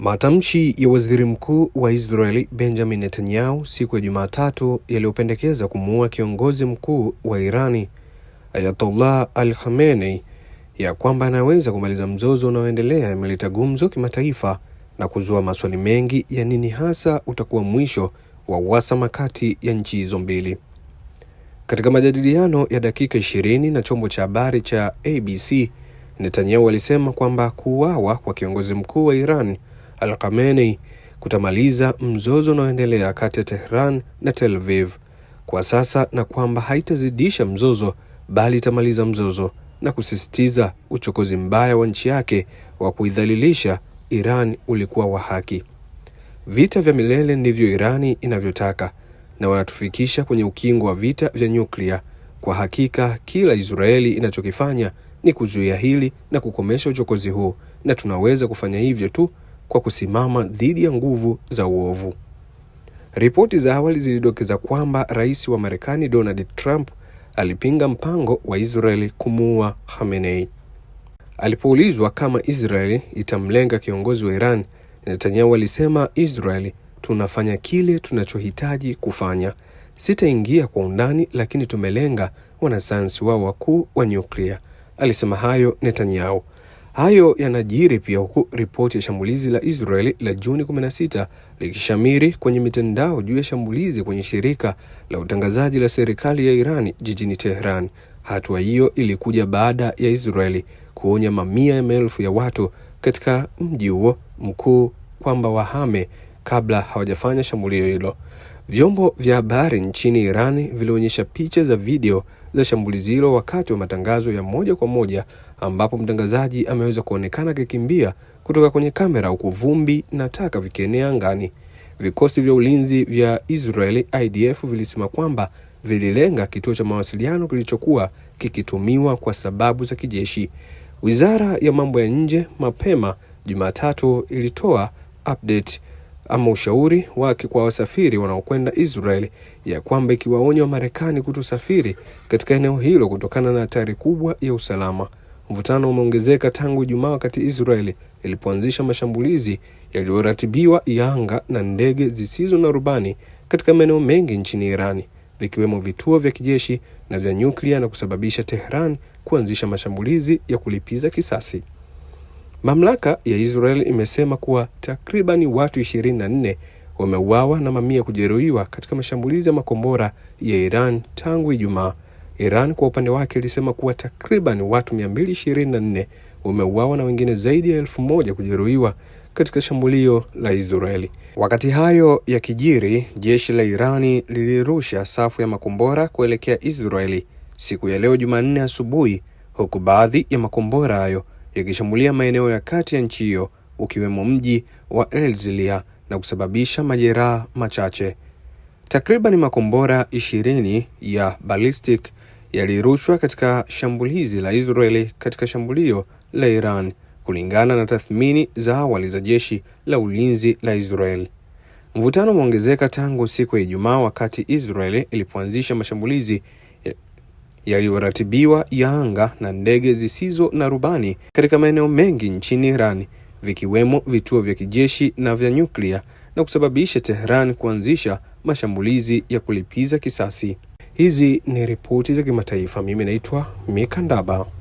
Matamshi ya waziri mkuu wa Israeli Benjamin Netanyahu siku ya Jumatatu yaliyopendekeza kumuua kiongozi mkuu wa Irani Ayatollah Al Khamenei ya kwamba anaweza kumaliza mzozo unaoendelea imeleta gumzo kimataifa na kuzua maswali mengi ya nini hasa utakuwa mwisho wa uhasama kati ya nchi hizo mbili. Katika majadiliano ya dakika ishirini na chombo cha habari cha ABC, Netanyahu alisema kwamba kuuawa kwa kiongozi mkuu wa Iran al Khamenei kutamaliza mzozo unaoendelea kati ya Tehran na Tel Aviv kwa sasa na kwamba haitazidisha mzozo bali itamaliza mzozo na kusisitiza uchokozi mbaya wa nchi yake wa kuidhalilisha Iran ulikuwa wa haki. Vita vya milele ndivyo Irani inavyotaka na wanatufikisha kwenye ukingo wa vita vya nyuklia. Kwa hakika kila Israeli inachokifanya ni kuzuia hili na kukomesha uchokozi huu, na tunaweza kufanya hivyo tu kwa kusimama dhidi ya nguvu za uovu. Ripoti za awali zilidokeza kwamba rais wa Marekani Donald Trump alipinga mpango wa Israeli kumuua Khamenei. Alipoulizwa kama Israeli itamlenga kiongozi wa Iran, Netanyahu alisema, Israeli tunafanya kile tunachohitaji kufanya. Sitaingia kwa undani, lakini tumelenga wanasayansi wao wakuu wa nyuklia. Alisema hayo Netanyahu. Hayo yanajiri pia huku ripoti ya shambulizi la Israeli la Juni 16 likishamiri kwenye mitandao juu ya shambulizi kwenye shirika la utangazaji la serikali ya Irani jijini Tehran. Hatua hiyo ilikuja baada ya Israeli kuonya mamia ya maelfu ya watu katika mji huo mkuu kwamba wahame kabla hawajafanya shambulio hilo. Vyombo vya habari nchini Iran vilionyesha picha za video za shambulizi hilo wakati wa matangazo ya moja kwa moja ambapo mtangazaji ameweza kuonekana akikimbia kutoka kwenye kamera huku vumbi na taka vikienea angani. Vikosi vya ulinzi vya Israeli IDF vilisema kwamba vililenga kituo cha mawasiliano kilichokuwa kikitumiwa kwa sababu za kijeshi. Wizara ya mambo ya nje mapema Jumatatu ilitoa update ama ushauri wake kwa wasafiri wanaokwenda Israel ya kwamba ikiwaonya Wamarekani kutosafiri katika eneo hilo kutokana na hatari kubwa ya usalama. Mvutano umeongezeka tangu Ijumaa wakati Israeli ilipoanzisha mashambulizi yaliyoratibiwa ya anga na ndege zisizo na rubani katika maeneo mengi nchini Irani vikiwemo vituo vya kijeshi na vya nyuklia na kusababisha Tehran kuanzisha mashambulizi ya kulipiza kisasi. Mamlaka ya Israel imesema kuwa takribani watu 24 wameuawa na mamia kujeruhiwa katika mashambulizi ya makombora ya Iran tangu Ijumaa. Iran kwa upande wake ilisema kuwa takriban watu 224 wameuawa na wengine zaidi ya elfu moja kujeruhiwa katika shambulio la Israeli. Wakati hayo ya kijiri jeshi la Irani lilirusha safu ya makombora kuelekea Israeli siku ya leo Jumanne asubuhi, huku baadhi ya makombora hayo yakishambulia maeneo ya kati ya nchi hiyo ukiwemo mji wa Elzilia na kusababisha majeraha machache. Takriban makombora ishirini ya ballistic yalirushwa katika shambulizi la Israeli katika shambulio la Iran, kulingana na tathmini za awali za jeshi la ulinzi la Israel. Mvutano umeongezeka tangu siku ya Ijumaa wakati Israeli ilipoanzisha mashambulizi yaliyoratibiwa ya anga na ndege zisizo na rubani katika maeneo mengi nchini Iran vikiwemo vituo vya kijeshi na vya nyuklia na kusababisha Tehran kuanzisha mashambulizi ya kulipiza kisasi. Hizi ni ripoti za kimataifa. Mimi naitwa Mikandaba.